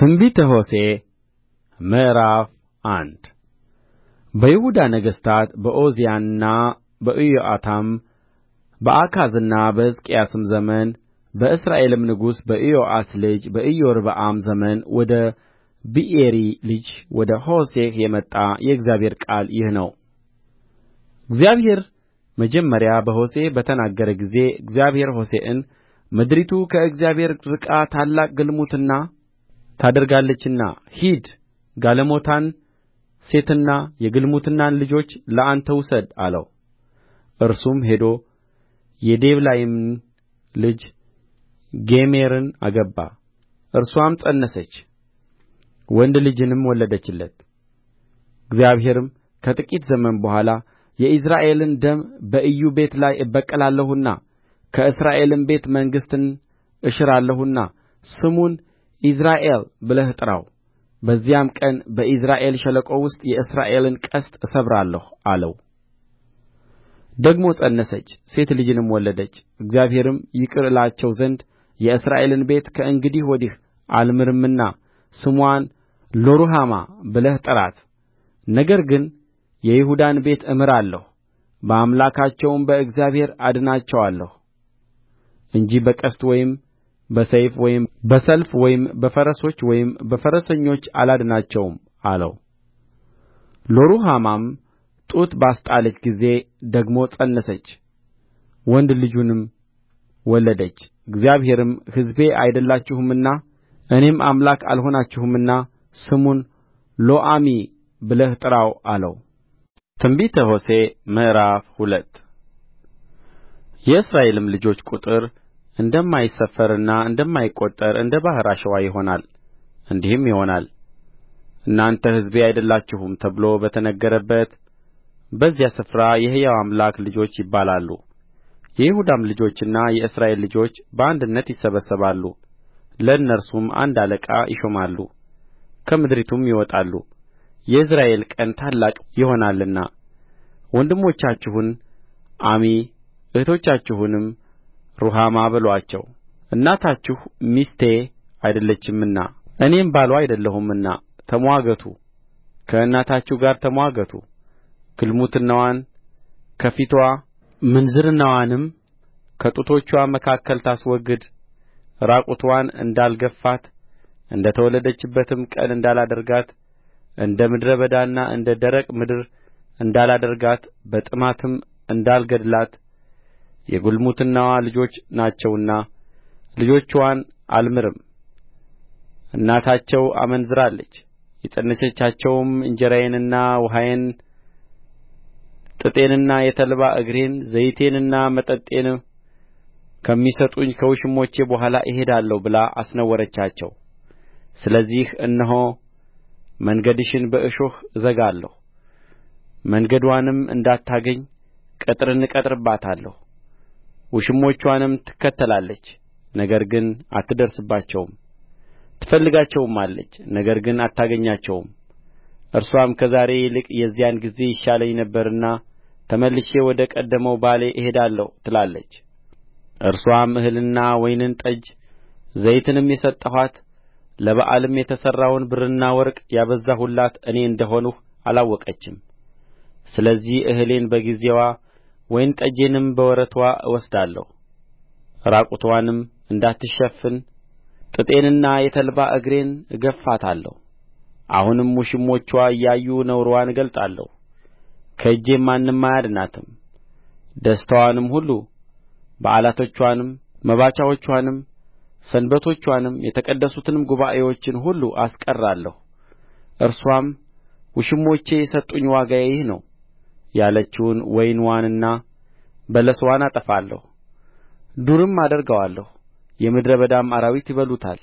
ትንቢተ ሆሴዕ ምዕራፍ አንድ በይሁዳ ነገሥታት በዖዝያንና በኢዮአታም በአካዝና በሕዝቅያስም ዘመን በእስራኤልም ንጉሥ በኢዮአስ ልጅ በኢዮርብዓም ዘመን ወደ ብኤሪ ልጅ ወደ ሆሴዕ የመጣ የእግዚአብሔር ቃል ይህ ነው። እግዚአብሔር መጀመሪያ በሆሴዕ በተናገረ ጊዜ እግዚአብሔር ሆሴዕን ምድሪቱ ከእግዚአብሔር ርቃ ታላቅ ግልሙትና ታደርጋለችና ሂድ ጋለሞታን ሴትና የግልሙትናን ልጆች ለአንተ ውሰድ አለው እርሱም ሄዶ የዴቤላይምን ልጅ ጎሜርን አገባ እርስዋም ፀነሰች ወንድ ልጅንም ወለደችለት እግዚአብሔርም ከጥቂት ዘመን በኋላ የኢይዝራኤልን ደም በኢዩ ቤት ላይ እበቀላለሁና ከእስራኤልም ቤት መንግሥትን እሽራለሁና ስሙን ኢይዝራኤል ብለህ ጥራው በዚያም ቀን በኢይዝራኤል ሸለቆ ውስጥ የእስራኤልን ቀስት እሰብራለሁ አለው ደግሞ ፀነሰች ሴት ልጅንም ወለደች እግዚአብሔርም ይቅር እላቸው ዘንድ የእስራኤልን ቤት ከእንግዲህ ወዲህ አልምርምና ስምዋን ሎሩሃማ ብለህ ጥራት ነገር ግን የይሁዳን ቤት እምራለሁ በአምላካቸውም በእግዚአብሔር አድናቸዋለሁ እንጂ በቀስት ወይም በሰይፍ ወይም በሰልፍ ወይም በፈረሶች ወይም በፈረሰኞች አላድናቸውም አለው ሎሩሃማም ጡት ባስጣለች ጊዜ ደግሞ ፀነሰች ወንድ ልጅንም ወለደች እግዚአብሔርም ሕዝቤ አይደላችሁምና እኔም አምላክ አልሆናችሁምና ስሙን ሎዓሚ ብለህ ጥራው አለው ትንቢተ ሆሴዕ ምዕራፍ ሁለት የእስራኤልም ልጆች ቍጥር እንደማይሰፈርና እንደማይቈጠር እንደ ባሕር አሸዋ ይሆናል እንዲህም ይሆናል እናንተ ሕዝቤ አይደላችሁም ተብሎ በተነገረበት በዚያ ስፍራ የሕያው አምላክ ልጆች ይባላሉ የይሁዳም ልጆችና የእስራኤል ልጆች በአንድነት ይሰበሰባሉ ለእነርሱም አንድ አለቃ ይሾማሉ ከምድሪቱም ይወጣሉ የኢይዝራኤል ቀን ታላቅ ይሆናልና ወንድሞቻችሁን ዓሚ እኅቶቻችሁንም ሩሃማ በሉአቸው እናታችሁ ሚስቴ አይደለችምና እኔም ባልዋ አይደለሁምና ተምዋገቱ ከእናታችሁ ጋር ተምዋገቱ ግልሙትናዋን ከፊትዋ ምንዝርናዋንም ከጡቶችዋ መካከል ታስወግድ ራቁትዋን እንዳልገፍፋት እንደ ተወለደችበትም ቀን እንዳላደርጋት እንደ ምድረ በዳና እንደ ደረቅ ምድር እንዳላደርጋት በጥማትም እንዳልገድላት የግልሙትናዋ ልጆች ናቸውና ልጆችዋን አልምርም እናታቸው አመንዝራለች የፀነሰቻቸውም እንጀራዬንና ውኃዬን ጥጤንና የተልባ እግሬን ዘይቴንና መጠጤን ከሚሰጡኝ ከውሽሞቼ በኋላ እሄዳለሁ ብላ አስነወረቻቸው ስለዚህ እነሆ መንገድሽን በእሾህ እዘጋለሁ መንገድዋንም እንዳታገኝ ቅጥርን እቀጥርባታለሁ ውሽሞችዋንም ትከተላለች ነገር ግን አትደርስባቸውም ትፈልጋቸውማለች ነገር ግን አታገኛቸውም እርስዋም ከዛሬ ይልቅ የዚያን ጊዜ ይሻለኝ ነበርና ተመልሼ ወደ ቀደመው ባሌ እሄዳለሁ ትላለች እርስዋም እህልና ወይንን ጠጅ ዘይትንም የሰጠኋት ለበኣልም የተሠራውን ብርና ወርቅ ያበዛሁላት እኔ እንደ ሆንሁ አላወቀችም ስለዚህ እህሌን በጊዜዋ ወይን ጠጄንም በወረትዋ እወስዳለሁ ዕራቁትዋንም እንዳትሸፍን ጥጤንና የተልባ እግሬን እገፍፋታለሁ አሁንም ውሽሞችዋ እያዩ ነውርዋን እገልጣለሁ ከእጄም ማንም አያድናትም ደስታዋንም ሁሉ በዓላቶችዋንም መባቻዎችዋንም ሰንበቶችዋንም የተቀደሱትንም ጉባኤዎችን ሁሉ አስቀራለሁ እርስዋም ውሽሞቼ የሰጡኝ ዋጋዬ ይህ ነው ያለችውን ወይንዋንና በለስዋን አጠፋለሁ ዱርም አደርገዋለሁ የምድረ በዳም አራዊት ይበሉታል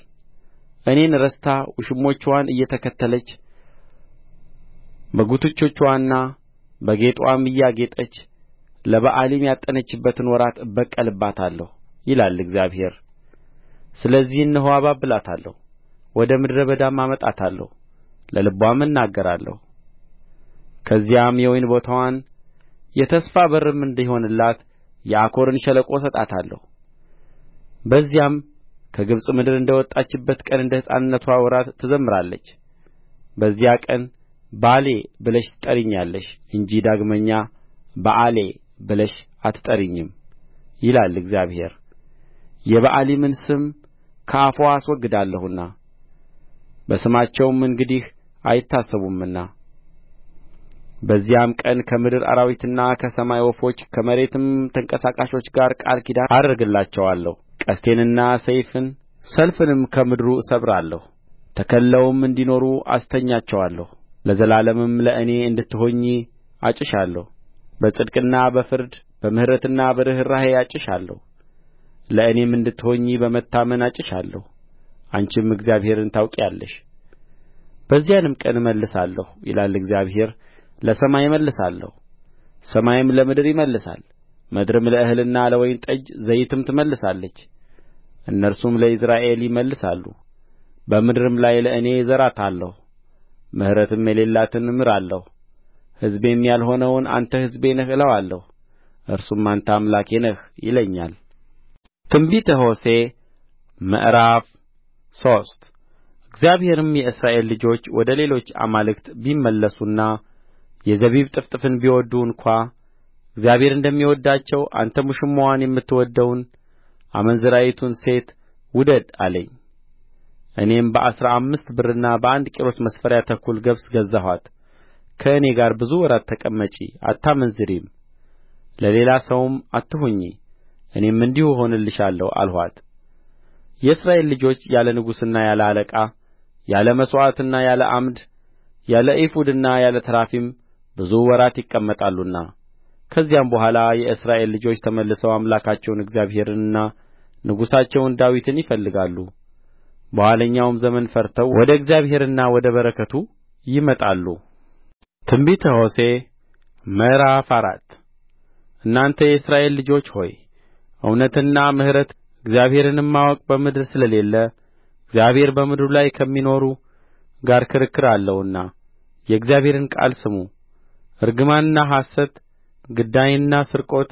እኔን ረስታ ውሽሞችዋን እየተከተለች በጕትቾችዋና በጌጥዋም እያጌጠች ለበኣሊም ያጠነችበትን ወራት እበቀልባታለሁ ይላል እግዚአብሔር ስለዚህ እነሆ አባብላታለሁ ወደ ምድረ በዳም አመጣታለሁ ለልብዋም እናገራለሁ ከዚያም የወይን ቦታዋን የተስፋ በርም እንዲሆንላት የአኮርን ሸለቆ እሰጣታለሁ በዚያም ከግብጽ ምድር እንደ ወጣችበት ቀን እንደ ሕፃንነትዋ ወራት ትዘምራለች በዚያ ቀን ባሌ ብለሽ ትጠሪኛለሽ እንጂ ዳግመኛ በኣሌ ብለሽ አትጠሪኝም ይላል እግዚአብሔር የበኣሊምን ስም ከአፍዋ አስወግዳለሁና በስማቸውም እንግዲህ አይታሰቡምና በዚያም ቀን ከምድር አራዊትና ከሰማይ ወፎች ከመሬትም ተንቀሳቃሾች ጋር ቃል ኪዳን አደርግላቸዋለሁ ቀስትንና ሰይፍን ሰልፍንም ከምድሩ እሰብራለሁ ተከልለውም እንዲኖሩ አስተኛቸዋለሁ ለዘላለምም ለእኔ እንድትሆኚ አጭሻለሁ በጽድቅና በፍርድ በምሕረትና በርኅራኄ አጭሻለሁ ለእኔም እንድትሆኚ በመታመን አጭሻለሁ አንቺም እግዚአብሔርን ታውቂአለሽ በዚያንም ቀን እመልሳለሁ ይላል እግዚአብሔር ለሰማይ እመልሳለሁ ሰማይም ለምድር ይመልሳል ምድርም ለእህልና ለወይን ጠጅ ለዘይትም ትመልሳለች እነርሱም ለኢይዝራኤል ይመልሳሉ በምድርም ላይ ለእኔ እዘራታለሁ ምሕረትም የሌላትን እምራለሁ ሕዝቤም ያልሆነውን አንተ ሕዝቤ ነህ እለዋለሁ እርሱም አንተ አምላኬ ነህ ይለኛል ትንቢተ ሆሴዕ ምዕራፍ ሶስት እግዚአብሔርም የእስራኤል ልጆች ወደ ሌሎች አማልክት ቢመለሱና የዘቢብ ጥፍጥፍን ቢወድዱ እንኳ እግዚአብሔር እንደሚወድዳቸው አንተ ውሽማዋን የምትወድደውን አመንዝራይቱን ሴት ውደድ አለኝ እኔም በአሥራ አምስት ብርና በአንድ ቆሮስ መስፈሪያ ተኩል ገብስ ገዛኋት ከእኔ ጋር ብዙ ወራት ተቀመጪ አታመንዝሪም ለሌላ ሰውም አትሁኚ እኔም እንዲሁ እሆንልሻለሁ አልኋት የእስራኤል ልጆች ያለ ንጉሥና ያለ አለቃ ያለ መሥዋዕትና ያለ ዓምድ ያለ ኤፉድና ያለ ተራፊም ብዙ ወራት ይቀመጣሉና ከዚያም በኋላ የእስራኤል ልጆች ተመልሰው አምላካቸውን እግዚአብሔርንና ንጉሣቸውን ዳዊትን ይፈልጋሉ በኋለኛውም ዘመን ፈርተው ወደ እግዚአብሔርና ወደ በረከቱ ይመጣሉ። ትንቢተ ሆሴዕ ምዕራፍ አራት እናንተ የእስራኤል ልጆች ሆይ እውነትና ምሕረት እግዚአብሔርንም ማወቅ በምድር ስለሌለ እግዚአብሔር በምድሩ ላይ ከሚኖሩ ጋር ክርክር አለውና የእግዚአብሔርን ቃል ስሙ እርግማንና ሐሰት ግዳይና ስርቆት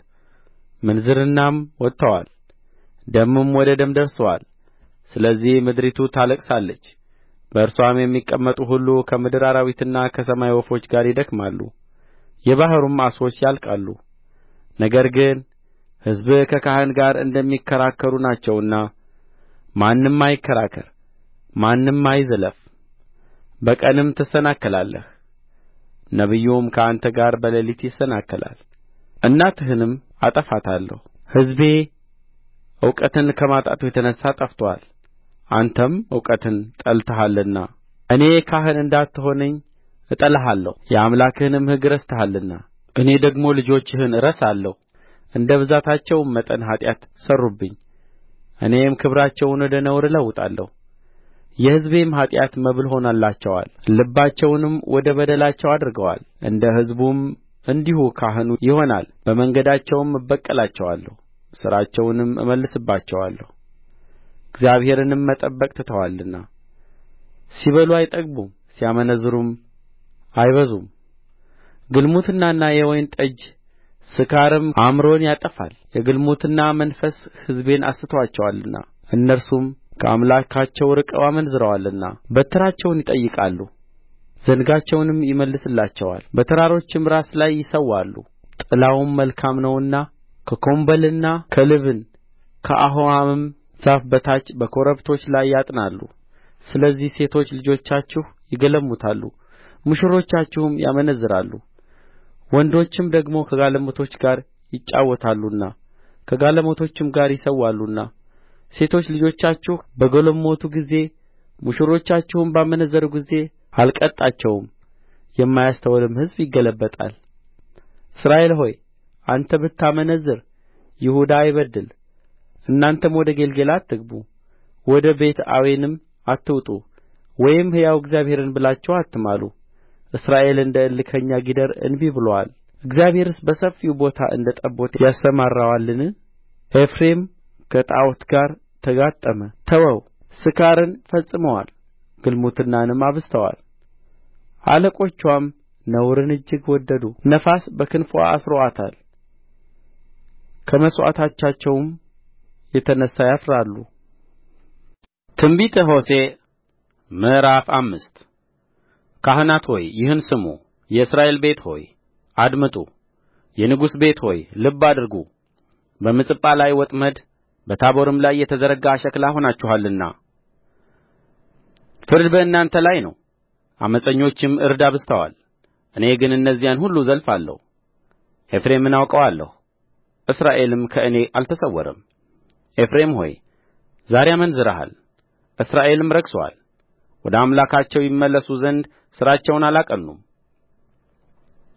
ምንዝርናም ወጥተዋል ደምም ወደ ደም ደርሶአል ስለዚህ ምድሪቱ ታለቅሳለች በእርስዋም የሚቀመጡ ሁሉ ከምድር አራዊትና ከሰማይ ወፎች ጋር ይደክማሉ የባሕሩም ዓሦች ያልቃሉ ነገር ግን ሕዝብህ ከካህን ጋር እንደሚከራከሩ ናቸውና ማንም አይከራከር ማንም አይዝለፍ በቀንም ትሰናከላለህ ነቢዩም ከአንተ ጋር በሌሊት ይሰናከላል እናትህንም አጠፋታለሁ ሕዝቤ እውቀትን ከማጣቱ የተነሣ ጠፍቶአል አንተም እውቀትን ጠልተሃልና እኔ ካህን እንዳትሆነኝ እጠላሃለሁ የአምላክህንም ሕግ ረስተሃልና እኔ ደግሞ ልጆችህን እረሳለሁ እንደ ብዛታቸውም መጠን ኃጢአት ሠሩብኝ እኔም ክብራቸውን ወደ ነውር እለውጣለሁ የሕዝቤም ኃጢአት መብል ሆኖላቸዋል ልባቸውንም ወደ በደላቸው አድርገዋል እንደ ሕዝቡም እንዲሁ ካህኑ ይሆናል በመንገዳቸውም እበቀላቸዋለሁ ሥራቸውንም እመልስባቸዋለሁ እግዚአብሔርንም መጠበቅ ትተዋልና ሲበሉ አይጠግቡም ሲያመነዝሩም አይበዙም ግልሙትናና የወይን ጠጅ ስካርም አእምሮን ያጠፋል የግልሙትና መንፈስ ሕዝቤን አስቶአቸዋልና እነርሱም ከአምላካቸው ርቀው አመንዝረዋልና በትራቸውን ይጠይቃሉ ዘንጋቸውንም ይመልስላቸዋል በተራሮችም ራስ ላይ ይሠዋሉ ጥላውም መልካም ነውና ከኮምበልና ከልብን ከአሆማም ዛፍ በታች በኮረብቶች ላይ ያጥናሉ ስለዚህ ሴቶች ልጆቻችሁ ይገለሙታሉ ሙሽሮቻችሁም ያመነዝራሉ ወንዶችም ደግሞ ከጋለሞቶች ጋር ይጫወታሉና ከጋለሞቶችም ጋር ይሠዋሉና ሴቶች ልጆቻችሁ በገለሞቱ ጊዜ ሙሽሮቻችሁም ባመነዘሩ ጊዜ አልቀጣቸውም የማያስተውልም ሕዝብ ይገለበጣል እስራኤል ሆይ አንተ ብታመነዝር ይሁዳ አይበድል እናንተም ወደ ጌልገላ አትግቡ ወደ ቤትአዌንም አትውጡ ወይም ሕያው እግዚአብሔርን ብላችሁ አትማሉ እስራኤል እንደ እልከኛ ጊደር እንቢ ብሎአል እግዚአብሔርስ በሰፊው ቦታ እንደ ጠቦት ያሰማራዋልን ኤፍሬም ከጣዖት ጋር ተጋጠመ ተወው ስካርን ፈጽመዋል ግልሙትናንም አብዝተዋል አለቆችዋም ነውርን እጅግ ወደዱ ነፋስ በክንፍዋ አስሮአታል ከመሥዋዕቶቻቸውም የተነሣ ያፍራሉ ትንቢተ ሆሴዕ ምዕራፍ አምስት ካህናት ሆይ ይህን ስሙ የእስራኤል ቤት ሆይ አድምጡ የንጉሥ ቤት ሆይ ልብ አድርጉ በምጽጳ ላይ ወጥመድ በታቦርም ላይ የተዘረጋ አሽክላ ሆናችኋልና ፍርድ በእናንተ ላይ ነው ዓመፀኞችም እርድ አብዝተዋል እኔ ግን እነዚያን ሁሉ እዘልፋለሁ ኤፍሬምን አውቀዋለሁ እስራኤልም ከእኔ አልተሰወረም ኤፍሬም ሆይ ዛሬ አመንዝረሃል እስራኤልም ረክሶአል ወደ አምላካቸው ይመለሱ ዘንድ ሥራቸውን አላቀኑም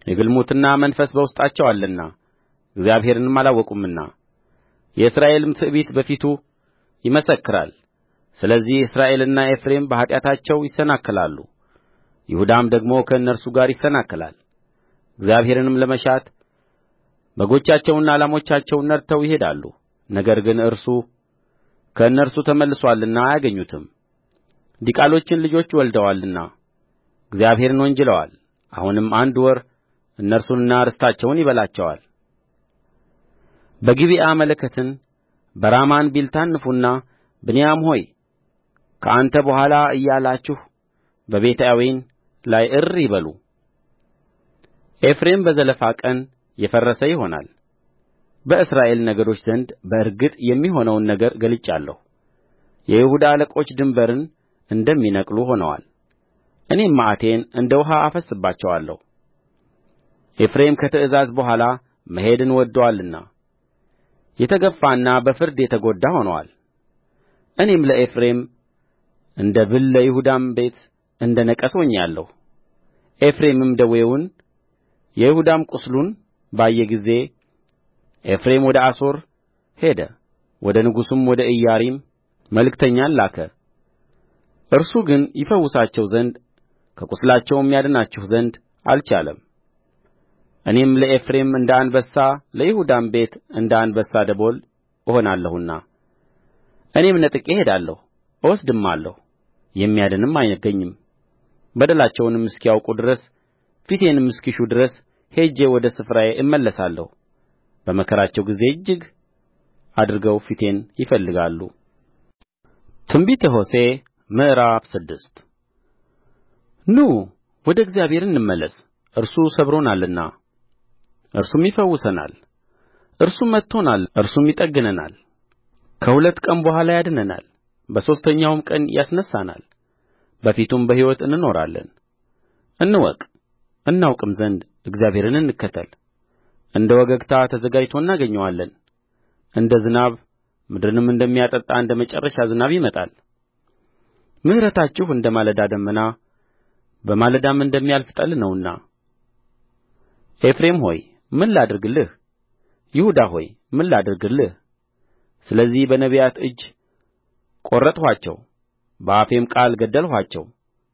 የግልሙትና መንፈስ በውስጣቸው አለና እግዚአብሔርንም አላወቁምና የእስራኤልም ትዕቢት በፊቱ ይመሰክራል ስለዚህ እስራኤልና ኤፍሬም በኃጢአታቸው ይሰናከላሉ ይሁዳም ደግሞ ከእነርሱ ጋር ይሰናከላል እግዚአብሔርንም ለመሻት በጎቻቸውና ላሞቻቸውን ነድተው ይሄዳሉ ነገር ግን እርሱ ከእነርሱ ተመልሶአልና አያገኙትም ዲቃሎችን ልጆች ወልደዋልና እግዚአብሔርን ወንጅለዋል አሁንም አንድ ወር እነርሱንና ርስታቸውን ይበላቸዋል በጊብዓ መለከትን በራማ እንቢልታን ንፉና ብንያም ሆይ ከአንተ በኋላ እያላችሁ በቤትአዌን ላይ እሪ በሉ ኤፍሬም በዘለፋ ቀን የፈረሰ ይሆናል በእስራኤል ነገዶች ዘንድ በእርግጥ የሚሆነውን ነገር ገልጫለሁ የይሁዳ አለቆች ድንበርን እንደሚነቅሉ ሆነዋል እኔም መዓቴን እንደ ውኃ አፈስስባቸዋለሁ ኤፍሬም ከትእዛዝ በኋላ መሄድን ወድዶአልና የተገፋና በፍርድ የተጐዳ ሆኖአል እኔም ለኤፍሬም እንደ ብል ለይሁዳም ቤት እንደ ነቀዝ ሆኛለሁ ኤፍሬምም ደዌውን የይሁዳም ቍስሉን ባየ ጊዜ ኤፍሬም ወደ አሦር ሄደ ወደ ንጉሡም ወደ ኢያሪም መልእክተኛን ላከ እርሱ ግን ይፈውሳቸው ዘንድ ከቍስላቸውም ያድናችሁ ዘንድ አልቻለም እኔም ለኤፍሬም እንደ አንበሳ ለይሁዳም ቤት እንደ አንበሳ ደቦል እሆናለሁና እኔም ነጥቄ እሄዳለሁ እወስድማለሁ የሚያድንም አይገኝም በደላቸውንም እስኪያውቁ ድረስ ፊቴንም እስኪሹ ድረስ ሄጄ ወደ ስፍራዬ እመለሳለሁ በመከራቸው ጊዜ እጅግ አድርገው ፊቴን ይፈልጋሉ ትንቢተ ሆሴዕ ምዕራፍ ስድስት ኑ ወደ እግዚአብሔር እንመለስ እርሱ ሰብሮናልና እርሱም ይፈውሰናል እርሱ መትቶናል እርሱም ይጠግነናል ከሁለት ቀን በኋላ ያድነናል በሦስተኛውም ቀን ያስነሣናል በፊቱም በሕይወት እንኖራለን እንወቅ እናውቅም ዘንድ እግዚአብሔርን እንከተል እንደ ወገግታ ተዘጋጅቶ እናገኘዋለን እንደ ዝናብ ምድርንም እንደሚያጠጣ እንደ መጨረሻ ዝናብ ይመጣል ምሕረታችሁ እንደ ማለዳ ደመና በማለዳም እንደሚያልፍ ጠል ነውና ኤፍሬም ሆይ ምን ላድርግልህ ይሁዳ ሆይ ምን ላድርግልህ ስለዚህ በነቢያት እጅ ቈረጥኋቸው በአፌም ቃል ገደልኋቸው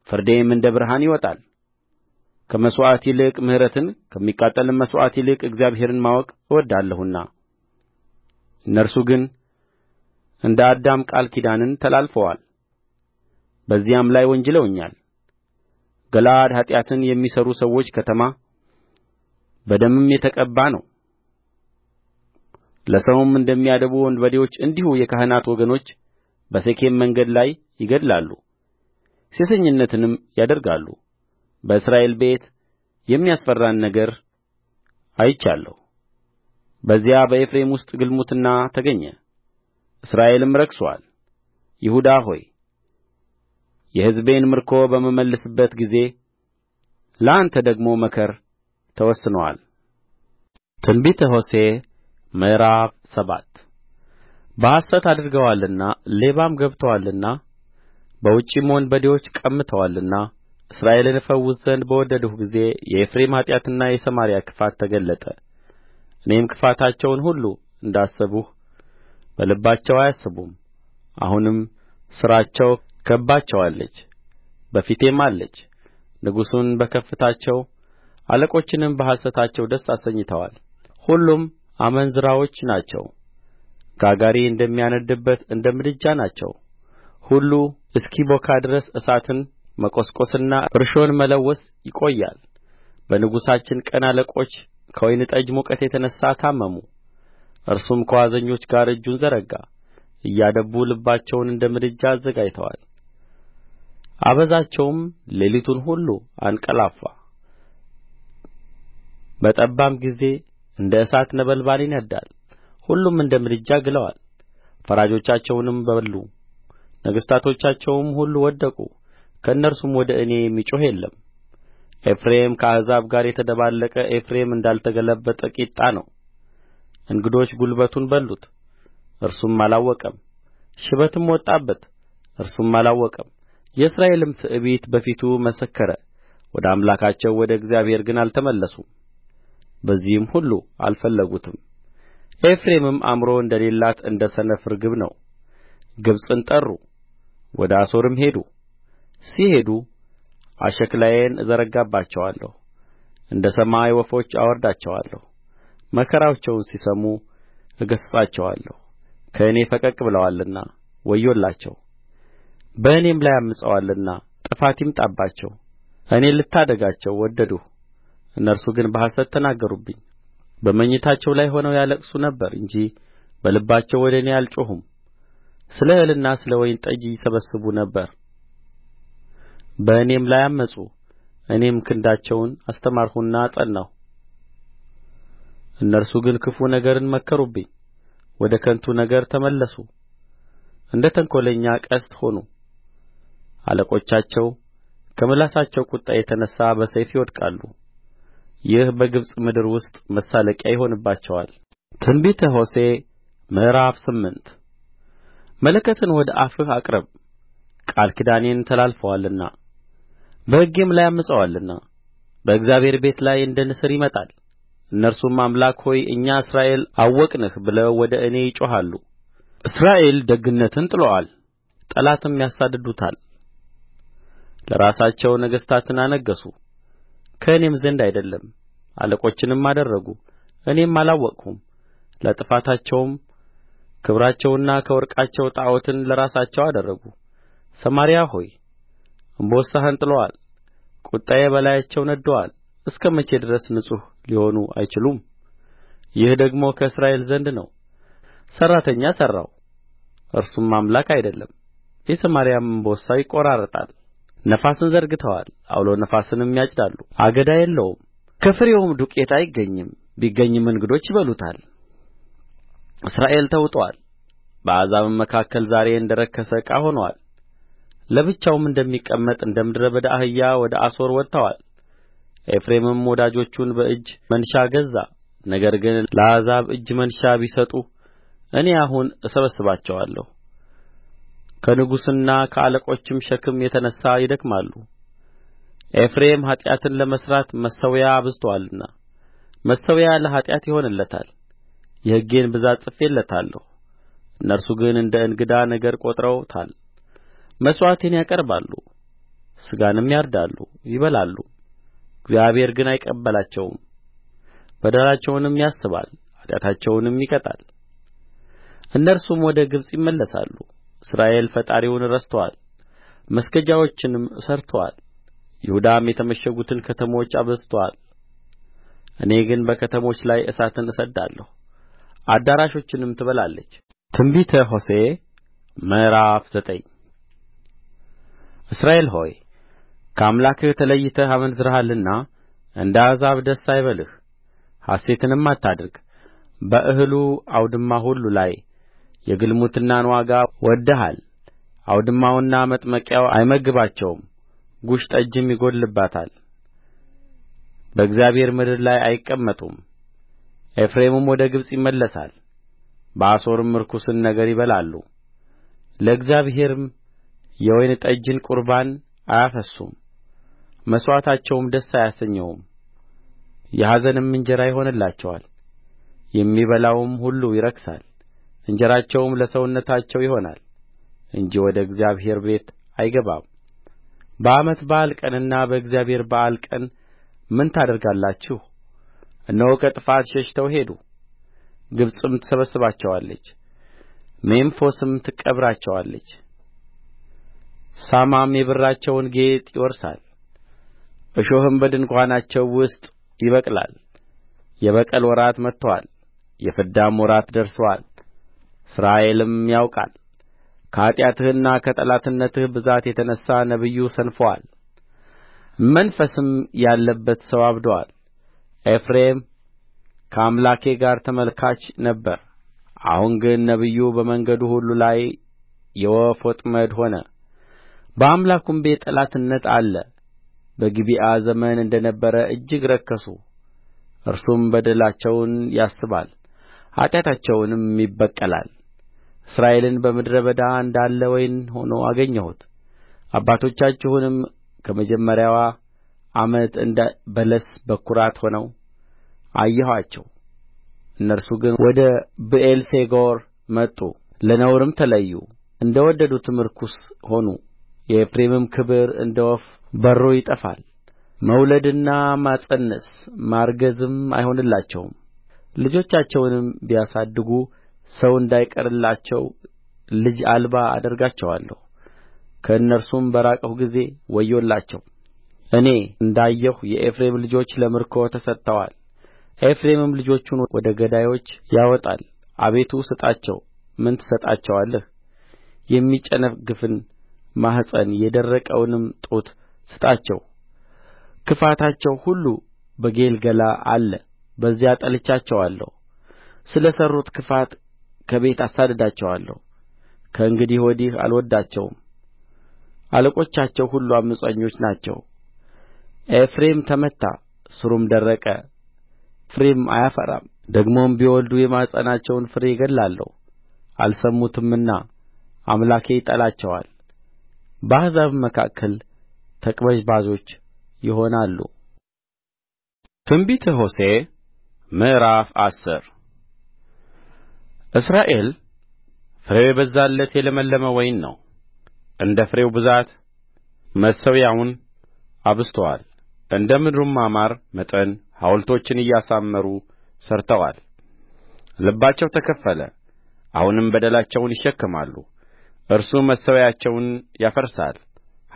ፍርዴም እንደ ብርሃን ይወጣል ከመሥዋዕት ይልቅ ምሕረትን ከሚቃጠልም መሥዋዕት ይልቅ እግዚአብሔርን ማወቅ እወድዳለሁና እነርሱ ግን እንደ አዳም ቃል ኪዳንን ተላልፈዋል በዚያም ላይ ወንጅለውኛል ገለዓድ ኃጢአትን የሚሠሩ ሰዎች ከተማ በደምም የተቀባ ነው ለሰውም እንደሚያደቡ ወንበዴዎች እንዲሁ የካህናት ወገኖች በሴኬም መንገድ ላይ ይገድላሉ ሴሰኝነትንም ያደርጋሉ በእስራኤል ቤት የሚያስፈራን ነገር አይቻለሁ በዚያ በኤፍሬም ውስጥ ግልሙትና ተገኘ እስራኤልም ረክሶአል ይሁዳ ሆይ የሕዝቤን ምርኮ በምመልስበት ጊዜ ለአንተ ደግሞ መከር ተወስኖአል። ትንቢተ ሆሴዕ ምዕራፍ ሰባት በሐሰት አድርገዋልና ሌባም ገብቶአልና በውጭም ወንበዴዎች ቀምተዋልና እስራኤልን እፈውስ ዘንድ በወደድሁ ጊዜ የኤፍሬም ኃጢአትና የሰማርያ ክፋት ተገለጠ። እኔም ክፋታቸውን ሁሉ እንዳሰብሁ በልባቸው አያስቡም። አሁንም ሥራቸው ከብባቸዋለች፣ በፊቴም አለች። ንጉሡን በከፍታቸው አለቆችንም በሐሰታቸው ደስ አሰኝተዋል ሁሉም አመንዝራዎች ናቸው ጋጋሪ እንደሚያነድድበት እንደ ምድጃ ናቸው ሁሉ እስኪቦካ ድረስ እሳትን መቈስቈስና እርሾን መለወስ ይቆያል በንጉሣችን ቀን አለቆች ከወይን ጠጅ ሙቀት የተነሣ ታመሙ እርሱም ከዋዘኞች ጋር እጁን ዘረጋ እያደቡ ልባቸውን እንደ ምድጃ አዘጋጅተዋል አበዛቸውም ሌሊቱን ሁሉ አንቀላፋ በጠባም ጊዜ እንደ እሳት ነበልባል ይነድዳል ሁሉም እንደ ምድጃ ግለዋል ፈራጆቻቸውንም በሉ ነገሥታቶቻቸውም ሁሉ ወደቁ ከእነርሱም ወደ እኔ የሚጮኽ የለም ኤፍሬም ከአሕዛብ ጋር የተደባለቀ ኤፍሬም እንዳልተገለበጠ ቂጣ ነው እንግዶች ጕልበቱን በሉት እርሱም አላወቀም ሽበትም ወጣበት እርሱም አላወቀም የእስራኤልም ትዕቢት በፊቱ መሰከረ ወደ አምላካቸው ወደ እግዚአብሔር ግን አልተመለሱም በዚህም ሁሉ አልፈለጉትም ኤፍሬምም አእምሮ እንደሌላት እንደ ሰነፍ ርግብ ነው ግብጽን ጠሩ ወደ አሦርም ሄዱ ሲሄዱ አሽክላዬን እዘረጋባቸዋለሁ እንደ ሰማይ ወፎች አወርዳቸዋለሁ መከራቸውን ሲሰሙ እገሥጻቸዋለሁ ከእኔ ፈቀቅ ብለዋልና ወዮላቸው በእኔም ላይ ዐምፀዋልና ጥፋት ይምጣባቸው እኔ ልታደጋቸው ወደድሁ እነርሱ ግን በሐሰት ተናገሩብኝ በመኝታቸው ላይ ሆነው ያለቅሱ ነበር እንጂ በልባቸው ወደ እኔ አልጮኹም ስለ እህልና ስለ ወይን ጠጅ ይሰበስቡ ነበር በእኔም ላይ ዐመፁ እኔም ክንዳቸውን አስተማርሁና አጸናሁ እነርሱ ግን ክፉ ነገርን መከሩብኝ ወደ ከንቱ ነገር ተመለሱ እንደ ተንኰለኛ ቀስት ሆኑ አለቆቻቸው ከምላሳቸው ቍጣ የተነሣ በሰይፍ ይወድቃሉ ይህ በግብጽ ምድር ውስጥ መሳለቂያ ይሆንባቸዋል ትንቢተ ሆሴዕ ምዕራፍ ስምንት መለከትን ወደ አፍህ አቅርብ ቃል ኪዳኔን ተላልፈዋልና በሕጌም ላይ ዐምፀዋልና በእግዚአብሔር ቤት ላይ እንደ ንስር ይመጣል እነርሱም አምላክ ሆይ እኛ እስራኤል አወቅንህ ብለው ወደ እኔ ይጮኻሉ እስራኤል ደግነትን ጥሎአል ጠላትም ያሳድዱታል ለራሳቸው ነገሥታትን አነገሡ ከእኔም ዘንድ አይደለም አለቆችንም አደረጉ እኔም አላወቅሁም ለጥፋታቸውም ከብራቸውና ከወርቃቸው ጣዖትን ለራሳቸው አደረጉ ሰማርያ ሆይ እምቦሳህን ጥሎአል ቍጣዬ በላያቸው ነድዶአል እስከ መቼ ድረስ ንጹሕ ሊሆኑ አይችሉም ይህ ደግሞ ከእስራኤል ዘንድ ነው ሠራተኛ ሠራው እርሱም አምላክ አይደለም የሰማርያም እምቦሳ ይቈራረጣል ነፋስን ዘርግተዋል ዐውሎ ነፋስንም ያጭዳሉ አገዳ የለውም ከፍሬውም ዱቄት አይገኝም ቢገኝም እንግዶች ይበሉታል እስራኤል ተውጦአል በአሕዛብም መካከል ዛሬ እንደ ረከሰ ዕቃ ሆኖአል ለብቻውም እንደሚቀመጥ እንደ ምድረ በዳ አህያ ወደ አሦር ወጥተዋል ኤፍሬምም ወዳጆቹን በእጅ መንሻ ገዛ ነገር ግን ለአሕዛብ እጅ መንሻ ቢሰጡ እኔ አሁን እሰበስባቸዋለሁ ከንጉሥና ከአለቆችም ሸክም የተነሣ ይደክማሉ ኤፍሬም ኃጢአትን ለመሥራት መሠዊያ አብዝቶአልና መሠዊያ ለኃጢአት ይሆንለታል የሕጌን ብዛት ጽፌለታለሁ እነርሱ ግን እንደ እንግዳ ነገር ቈጥረውታል መሥዋዕቴን ያቀርባሉ ሥጋንም ያርዳሉ ይበላሉ እግዚአብሔር ግን አይቀበላቸውም በደላቸውንም ያስባል ኃጢአታቸውንም ይቀጣል እነርሱም ወደ ግብጽ ይመለሳሉ እስራኤል ፈጣሪውን ረስቶአል መስገጃዎችንም ሠርቶአል ይሁዳም የተመሸጉትን ከተሞች አብዝቶአል እኔ ግን በከተሞች ላይ እሳትን እሰድዳለሁ አዳራሾችንም ትበላለች ትንቢተ ሆሴዕ ምዕራፍ ዘጠኝ እስራኤል ሆይ ከአምላክህ ተለይተህ አመንዝረሃልና እንደ አሕዛብ ደስ አይበልህ ሐሤትንም አታድርግ በእህሉ አውድማ ሁሉ ላይ የግልሙትናን ዋጋ ወድደሃል አውድማውና መጥመቂያው አይመግባቸውም ጉሽ ጠጅም ይጐድልባታል በእግዚአብሔር ምድር ላይ አይቀመጡም ኤፍሬምም ወደ ግብጽ ይመለሳል በአሦርም ርኩስን ነገር ይበላሉ ለእግዚአብሔርም የወይን ጠጅን ቁርባን አያፈስሱም መሥዋዕታቸውም ደስ አያሰኘውም የኀዘንም እንጀራ ይሆንላቸዋል የሚበላውም ሁሉ ይረክሳል እንጀራቸውም ለሰውነታቸው ይሆናል እንጂ ወደ እግዚአብሔር ቤት አይገባም በዓመት በዓል ቀንና በእግዚአብሔር በዓል ቀን ምን ታደርጋላችሁ እነሆ ከጥፋት ሸሽተው ሄዱ ግብጽም ትሰበስባቸዋለች ሜምፎስም ትቀብራቸዋለች ሳማም የብራቸውን ጌጥ ይወርሳል እሾህም በድንኳናቸው ውስጥ ይበቅላል የበቀል ወራት መጥቶአል የፍዳም ወራት ደርሶአል እስራኤልም ያውቃል ከኃጢአትህና ከጠላትነትህ ብዛት የተነሣ ነቢዩ ሰንፎአል መንፈስም ያለበት ሰው አብዶአል ኤፍሬም ከአምላኬ ጋር ተመልካች ነበረ አሁን ግን ነቢዩ በመንገዱ ሁሉ ላይ የወፍ ወጥመድ ሆነ በአምላኩም ቤት ጠላትነት አለ በጊብዓ ዘመን እንደ ነበረ እጅግ ረከሱ እርሱም በደላቸውን ያስባል ኃጢአታቸውንም ይበቀላል እስራኤልን በምድረ በዳ እንዳለ ወይን ሆኖ አገኘሁት አባቶቻችሁንም ከመጀመሪያዋ ዓመት እንደ በለስ በኵራት ሆነው አየኋቸው እነርሱ ግን ወደ ብዔልፌጎር መጡ ለነውርም ተለዩ እንደ ወደዱትም ርኩስ ሆኑ የኤፍሬምም ክብር እንደ ወፍ በርሮ ይጠፋል መውለድና ማፀነስ ማርገዝም አይሆንላቸውም ልጆቻቸውንም ቢያሳድጉ ሰው እንዳይቀርላቸው ልጅ አልባ አደርጋቸዋለሁ ከእነርሱም በራቅሁ ጊዜ ወዮላቸው እኔ እንዳየሁ የኤፍሬም ልጆች ለምርኮ ተሰጥተዋል ኤፍሬምም ልጆቹን ወደ ገዳዮች ያወጣል አቤቱ ስጣቸው ምን ትሰጣቸዋለህ የሚጨነግፍን ማኅፀን የደረቀውንም ጡት ስጣቸው ክፋታቸው ሁሉ በጌልገላ አለ በዚያ ጠልቻቸዋለሁ ስለ ሠሩት ክፋት ከቤት አሳድዳቸዋለሁ ከእንግዲህ ወዲህ አልወድዳቸውም አለቆቻቸው ሁሉ ዓመፀኞች ናቸው ኤፍሬም ተመታ ሥሩም ደረቀ ፍሬም አያፈራም ደግሞም ቢወልዱ የማኅፀናቸውን ፍሬ እገድላለሁ አልሰሙትምና አምላኬ ይጠላቸዋል። በአሕዛብም መካከል ተቅበዝባዦች ይሆናሉ ትንቢተ ሆሴዕ ምዕራፍ አስር እስራኤል ፍሬው የበዛለት የለመለመ ወይን ነው እንደ ፍሬው ብዛት መሠዊያውን አብዝተዋል እንደ ምድሩም ማማር መጠን ሐውልቶችን እያሳመሩ ሠርተዋል ልባቸው ተከፈለ አሁንም በደላቸውን ይሸከማሉ እርሱ መሠዊያቸውን ያፈርሳል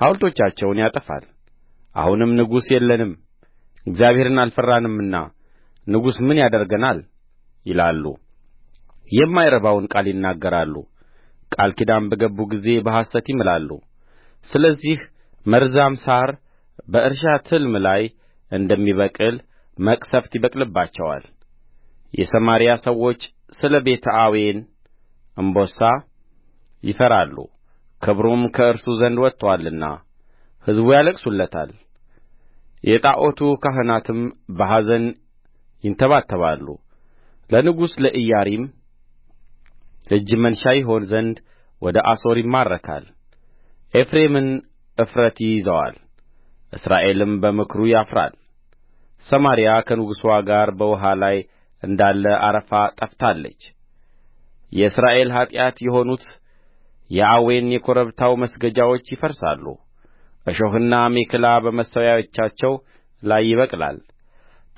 ሐውልቶቻቸውን ያጠፋል አሁንም ንጉሥ የለንም እግዚአብሔርን አልፈራንምና ንጉሥ ምን ያደርገናል ይላሉ የማይረባውን ቃል ይናገራሉ ቃል ኪዳን በገቡ ጊዜ በሐሰት ይምላሉ ስለዚህ መርዛም ሣር በእርሻ ትልም ላይ እንደሚበቅል መቅሠፍት ይበቅልባቸዋል የሰማርያ ሰዎች ስለ ቤትአዌን እምቦሳ ይፈራሉ ክብሩም ከእርሱ ዘንድ ወጥቶአልና ሕዝቡ ያለቅሱለታል የጣዖቱ ካህናትም በኀዘን ይንተባተባሉ ለንጉሡ ለኢያሪም እጅ መንሻ ይሆን ዘንድ ወደ አሦር ይማረካል ኤፍሬምን እፍረት ይይዘዋል እስራኤልም በምክሩ ያፍራል ሰማርያ ከንጉሥዋ ጋር በውኃ ላይ እንዳለ አረፋ ጠፍታለች የእስራኤል ኃጢአት የሆኑት የአዌን የኮረብታው መስገጃዎች ይፈርሳሉ እሾህና አሜከላ በመሠዊያዎቻቸው ላይ ይበቅላል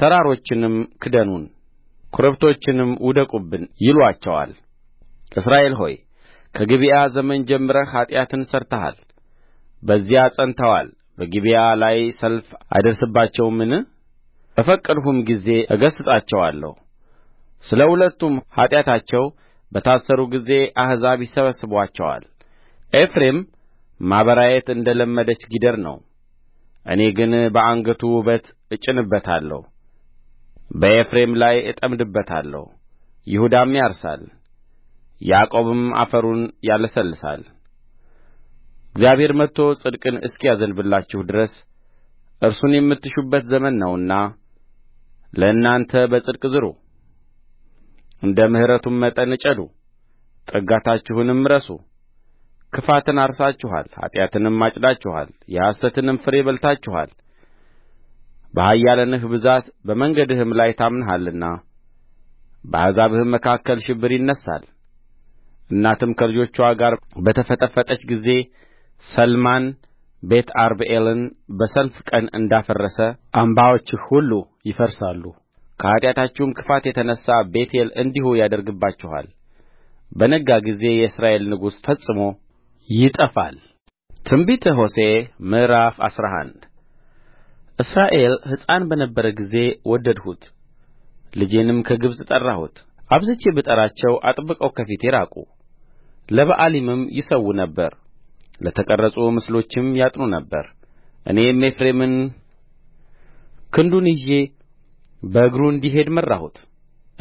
ተራሮችንም ክደኑን ኮረብቶችንም ውደቁብን ይሉአቸዋል እስራኤል ሆይ ከጊብዓ ዘመን ጀምረህ ኃጢአትን ሠርተሃል በዚያ ጸንተዋል በጊብዓ ላይ ሰልፍ አይደርስባቸውምን በፈቀድሁም ጊዜ እገሥጻቸዋለሁ ስለ ሁለቱም ኃጢአታቸው በታሰሩ ጊዜ አሕዛብ ይሰበስቡአቸዋል ኤፍሬም ማበራየት እንደ ለመደች ጊደር ነው እኔ ግን በአንገቱ ውበት እጭንበታለሁ በኤፍሬም ላይ እጠምድበታለሁ ይሁዳም ያርሳል ያዕቆብም አፈሩን ያለሰልሳል እግዚአብሔር መጥቶ ጽድቅን እስኪያዘንብላችሁ ድረስ እርሱን የምትሹበት ዘመን ነውና ለእናንተ በጽድቅ ዝሩ እንደ ምሕረቱም መጠን እጨዱ ጥጋታችሁንም ረሱ ክፋትን አርሳችኋል ኃጢአትንም አጭዳችኋል የሐሰትንም ፍሬ በልታችኋል በኃያላንህ ብዛት በመንገድህም ላይ ታምነሃልና በአሕዛብህም መካከል ሽብር ይነሣል እናትም ከልጆችዋ ጋር በተፈጠፈጠች ጊዜ ሰልማን ቤት አርብኤልን በሰልፍ ቀን እንዳፈረሰ አምባዎችህ ሁሉ ይፈርሳሉ። ከኃጢአታችሁም ክፋት የተነሣ ቤቴል እንዲሁ ያደርግባችኋል። በነጋ ጊዜ የእስራኤል ንጉሥ ፈጽሞ ይጠፋል። ትንቢተ ሆሴዕ ምዕራፍ አስራ አንድ እስራኤል ሕፃን በነበረ ጊዜ ወደድሁት ልጄንም ከግብጽ ጠራሁት አብዝቼ ብጠራቸው አጥብቀው ከፊቴ ራቁ ለበኣሊምም ይሠዉ ነበር ለተቀረጹ ምስሎችም ያጥኑ ነበር እኔም ኤፍሬምን ክንዱን ይዤ በእግሩ እንዲሄድ መራሁት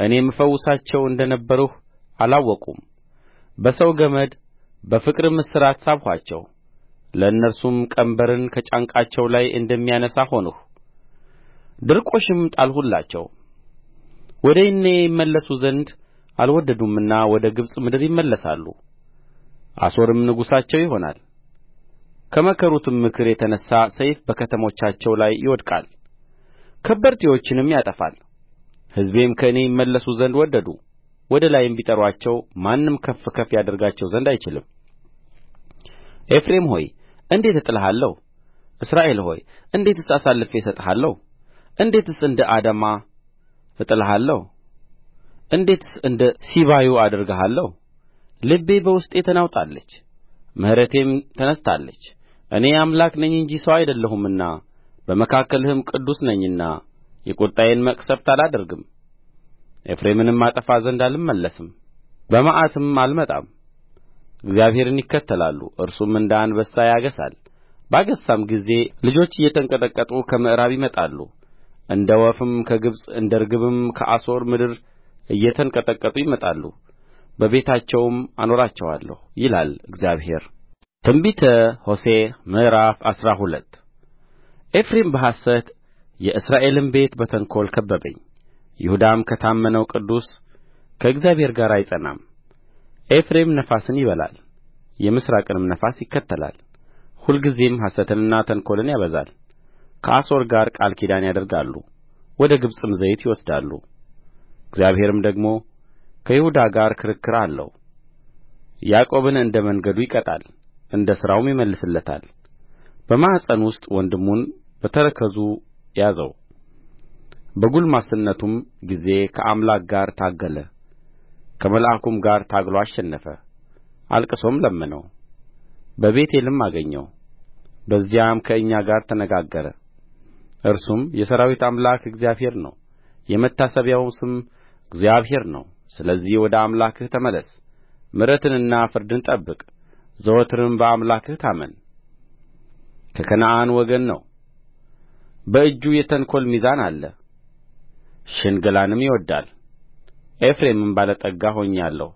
እኔም እፈውሳቸው እንደ ነበርሁ አላወቁም በሰው ገመድ በፍቅርም እስራት ሳብኋቸው ለእነርሱም ቀንበርን ከጫንቃቸው ላይ እንደሚያነሣ ሆንሁ ድርቆሽም ጣልሁላቸው ወደ እኔ ይመለሱ ዘንድ አልወደዱምና ወደ ግብጽ ምድር ይመለሳሉ አሦርም ንጉሣቸው ይሆናል ከመከሩትም ምክር የተነሣ ሰይፍ በከተሞቻቸው ላይ ይወድቃል ከበርቴዎችንም ያጠፋል ሕዝቤም ከእኔ ይመለሱ ዘንድ ወደዱ ወደ ላይም ቢጠሩአቸው ማንም ከፍ ከፍ ያደርጋቸው ዘንድ አይችልም ኤፍሬም ሆይ እንዴት እጥልሃለሁ እስራኤል ሆይ እንዴትስ አሳልፌ እሰጥሃለሁ እንዴትስ እንደ አዳማ እጥልሃለሁ እንዴትስ እንደ ሲባዮ አደርግሃለሁ ልቤ በውስጤ ተናውጣለች ምሕረቴም ተነሥታለች እኔ አምላክ ነኝ እንጂ ሰው አይደለሁምና በመካከልህም ቅዱስ ነኝና የቍጣዬን መቅሠፍት አላደርግም ኤፍሬምንም አጠፋ ዘንድ አልመለስም በመዓትም አልመጣም እግዚአብሔርን ይከተላሉ እርሱም እንደ አንበሳ ያገሣል ባገሣም ጊዜ ልጆች እየተንቀጠቀጡ ከምዕራብ ይመጣሉ እንደ ወፍም ከግብጽ እንደ ርግብም ከአሦር ምድር እየተንቀጠቀጡ ይመጣሉ በቤታቸውም አኖራቸዋለሁ ይላል እግዚአብሔር ትንቢተ ሆሴዕ ምዕራፍ አስራ ሁለት ኤፍሬም በሐሰት የእስራኤልም ቤት በተንኰል ከበበኝ ይሁዳም ከታመነው ቅዱስ ከእግዚአብሔር ጋር አይጸናም ኤፍሬም ነፋስን ይበላል የምሥራቅንም ነፋስ ይከተላል ሁልጊዜም ሐሰትንና ተንኰልን ያበዛል ከአሦር ጋር ቃል ኪዳን ያደርጋሉ ወደ ግብጽም ዘይት ይወስዳሉ እግዚአብሔርም ደግሞ ከይሁዳ ጋር ክርክር አለው ያዕቆብን እንደ መንገዱ ይቀጣል እንደ ሥራውም ይመልስለታል በማኅፀን ውስጥ ወንድሙን በተረከዙ ያዘው በጕልማስነቱም ጊዜ ከአምላክ ጋር ታገለ ከመልአኩም ጋር ታግሎ አሸነፈ አልቅሶም ለመነው በቤቴልም አገኘው በዚያም ከእኛ ጋር ተነጋገረ እርሱም የሠራዊት አምላክ እግዚአብሔር ነው የመታሰቢያው ስም እግዚአብሔር ነው ስለዚህ ወደ አምላክህ ተመለስ ምሕረትንና ፍርድን ጠብቅ ዘወትርም በአምላክህ ታመን ከከነዓን ወገን ነው በእጁ የተንኰል ሚዛን አለ ሽንገላንም ይወድዳል ኤፍሬምም ባለ ጠጋ ሆኛለሁ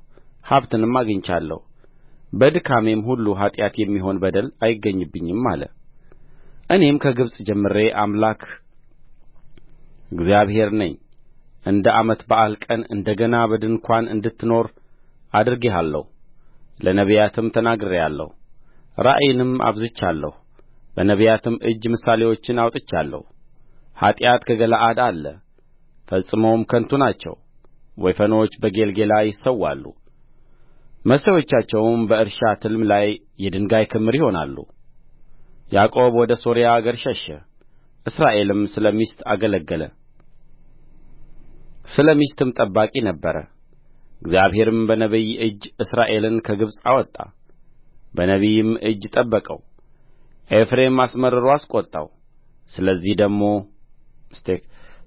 ሀብትንም አግኝቻለሁ በድካሜም ሁሉ ኃጢአት የሚሆን በደል አይገኝብኝም አለ እኔም ከግብጽ ጀምሬ አምላክህ እግዚአብሔር ነኝ እንደ ዓመት በዓል ቀን እንደ ገና በድንኳን እንድትኖር አድርጌሃለሁ ለነቢያትም ተናግሬአለሁ ራእይንም አብዝቻለሁ በነቢያትም እጅ ምሳሌዎችን አውጥቻለሁ ኃጢአት ከገለዓድ አለ ፈጽመውም ከንቱ ናቸው ወይፈኖች በጌልገላ ይሠዋሉ መሠዊያዎቻቸውም በእርሻ ትልም ላይ የድንጋይ ክምር ይሆናሉ ያዕቆብ ወደ ሶርያ አገር ሸሸ እስራኤልም ስለ ሚስት አገለገለ ስለ ሚስትም ጠባቂ ነበረ እግዚአብሔርም በነቢይ እጅ እስራኤልን ከግብጽ አወጣ በነቢይም እጅ ጠበቀው ኤፍሬም አስመርሮ አስቈጣው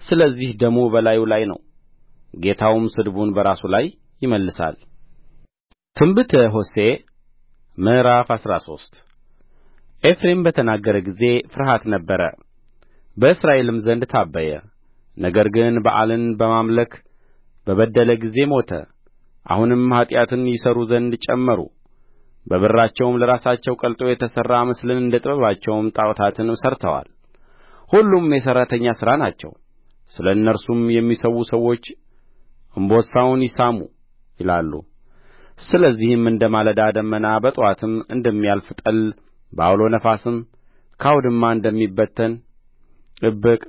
ስለዚህ ደሙ በላዩ ላይ ነው ጌታውም ስድቡን በራሱ ላይ ይመልሳል። ትንቢተ ሆሴዕ ምዕራፍ አስራ ሶስት ኤፍሬም በተናገረ ጊዜ ፍርሃት ነበረ፣ በእስራኤልም ዘንድ ታበየ። ነገር ግን በኣልን በማምለክ በበደለ ጊዜ ሞተ። አሁንም ኀጢአትን ይሠሩ ዘንድ ጨመሩ። በብራቸውም ለራሳቸው ቀልጦ የተሠራ ምስልን እንደ ጥበባቸውም ጣዖታትን ሠርተዋል። ሁሉም የሠራተኛ ሥራ ናቸው። ስለ እነርሱም የሚሠዉ ሰዎች እምቦሳውን ይሳሙ ይላሉ ስለዚህም እንደ ማለዳ ደመና በጥዋትም እንደሚያልፍ ጠል በዐውሎ ነፋስም ከአውድማ እንደሚበተን እብቅ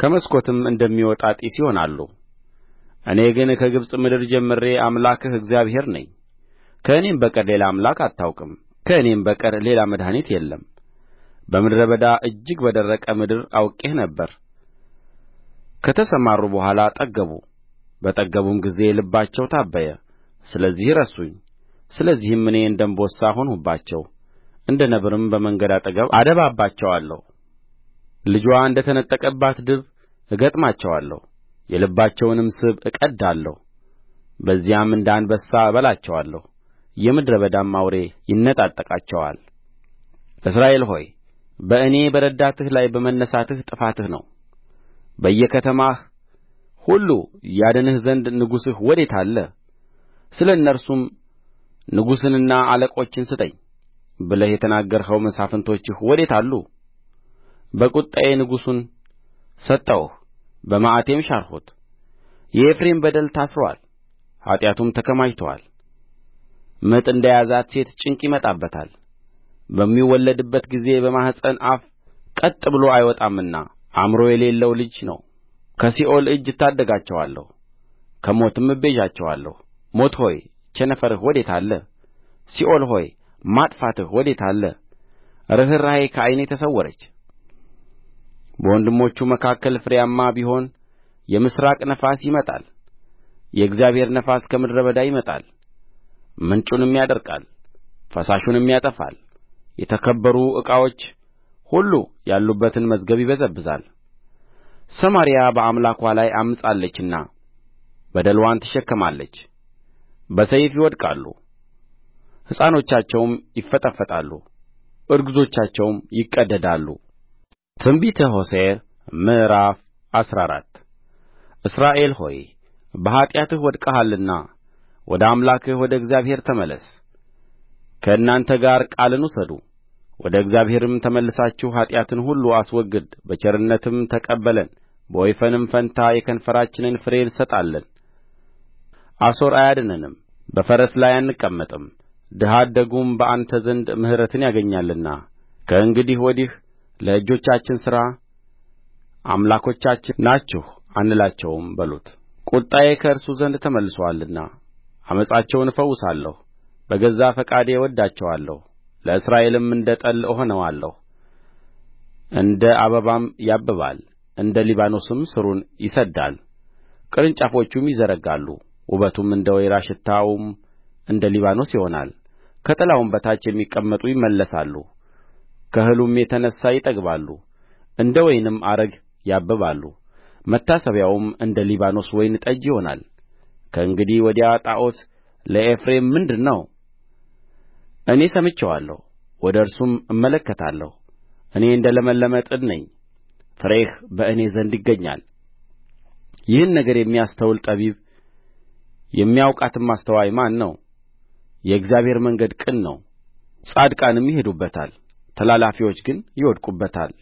ከመስኮትም እንደሚወጣ ጢስ ይሆናሉ እኔ ግን ከግብጽ ምድር ጀምሬ አምላክህ እግዚአብሔር ነኝ ከእኔም በቀር ሌላ አምላክ አታውቅም ከእኔም በቀር ሌላ መድኃኒት የለም በምድረ በዳ እጅግ በደረቀ ምድር አውቄህ ነበር ከተሰማሩ በኋላ ጠገቡ በጠገቡም ጊዜ ልባቸው ታበየ ስለዚህ ረሱኝ ስለዚህም እኔ እንደ አንበሳ ሆንሁባቸው እንደ ነብርም በመንገድ አጠገብ አደባባቸዋለሁ ልጅዋ እንደ ተነጠቀባት ድብ እገጥማቸዋለሁ የልባቸውንም ስብ እቀድዳለሁ በዚያም እንደ አንበሳ እበላቸዋለሁ የምድረ በዳም አውሬ ይነጣጠቃቸዋል እስራኤል ሆይ በእኔ በረዳትህ ላይ በመነሣትህ ጥፋትህ ነው በየከተማህ ሁሉ ያድንህ ዘንድ ንጉሥህ ወዴት አለ ስለ እነርሱም ንጉሥንና አለቆችን ስጠኝ ብለህ የተናገርኸው መሳፍንቶችህ ወዴት አሉ በቍጣዬ ንጉሡን ሰጠሁህ በመዓቴም ሻርሁት የኤፍሬም በደል ታስሮአል ኃጢአቱም ተከማችቶአል ምጥ እንደ ያዛት ሴት ጭንቅ ይመጣበታል በሚወለድበት ጊዜ በማኅፀን አፍ ቀጥ ብሎ አይወጣምና አእምሮ የሌለው ልጅ ነው ከሲኦል እጅ እታደጋቸዋለሁ ከሞትም እቤዣቸዋለሁ ሞት ሆይ ቸነፈርህ ወዴት አለ ሲኦል ሆይ ማጥፋትህ ወዴት አለ ርኅራኄ ከዓይኔ ተሰወረች በወንድሞቹ መካከል ፍሬያማ ቢሆን የምሥራቅ ነፋስ ይመጣል የእግዚአብሔር ነፋስ ከምድረ በዳ ይመጣል ምንጩንም ያደርቃል ፈሳሹንም ያጠፋል የተከበሩ ዕቃዎች ሁሉ ያሉበትን መዝገብ ይበዘብዛል ሰማርያ በአምላክዋ ላይ ዐምፃለችና በደልዋን ትሸከማለች በሰይፍ ይወድቃሉ ሕፃኖቻቸውም ይፈጠፈጣሉ እርግዞቻቸውም ይቀደዳሉ ትንቢተ ሆሴዕ ምዕራፍ አስራ አራት እስራኤል ሆይ በኃጢአትህ ወድቀሃልና ወደ አምላክህ ወደ እግዚአብሔር ተመለስ ከእናንተ ጋር ቃልን ውሰዱ ወደ እግዚአብሔርም ተመልሳችሁ ኃጢአትን ሁሉ አስወግድ በቸርነትም ተቀበለን በወይፈንም ፋንታ የከንፈራችንን ፍሬ እንሰጣለን አሦር አያድነንም በፈረስ ላይ አንቀመጥም ድሀ አደጉም በአንተ ዘንድ ምሕረትን ያገኛልና ከእንግዲህ ወዲህ ለእጆቻችን ሥራ አምላኮቻችን ናችሁ አንላቸውም በሉት ቍጣዬ ከእርሱ ዘንድ ተመልሶአልና ዓመፃቸውን እፈውሳለሁ በገዛ ፈቃዴ እወድዳቸዋለሁ ለእስራኤልም እንደ ጠል እሆነዋለሁ እንደ አበባም ያብባል እንደ ሊባኖስም ሥሩን ይሰድዳል ቅርንጫፎቹም ይዘረጋሉ ውበቱም እንደ ወይራ ሽታውም እንደ ሊባኖስ ይሆናል ከጥላውም በታች የሚቀመጡ ይመለሳሉ ከእህሉም የተነሣ ይጠግባሉ እንደ ወይንም አረግ ያብባሉ መታሰቢያውም እንደ ሊባኖስ ወይን ጠጅ ይሆናል ከእንግዲህ ወዲያ ጣዖት ለኤፍሬም ምንድር ነው እኔ ሰምቼዋለሁ ወደ እርሱም እመለከታለሁ እኔ እንደ ለመለመ ጥድ ነኝ ፍሬህ በእኔ ዘንድ ይገኛል ይህን ነገር የሚያስተውል ጠቢብ የሚያውቃትም አስተዋይ ማን ነው የእግዚአብሔር መንገድ ቅን ነው ጻድቃንም ይሄዱበታል ተላላፊዎች ግን ይወድቁበታል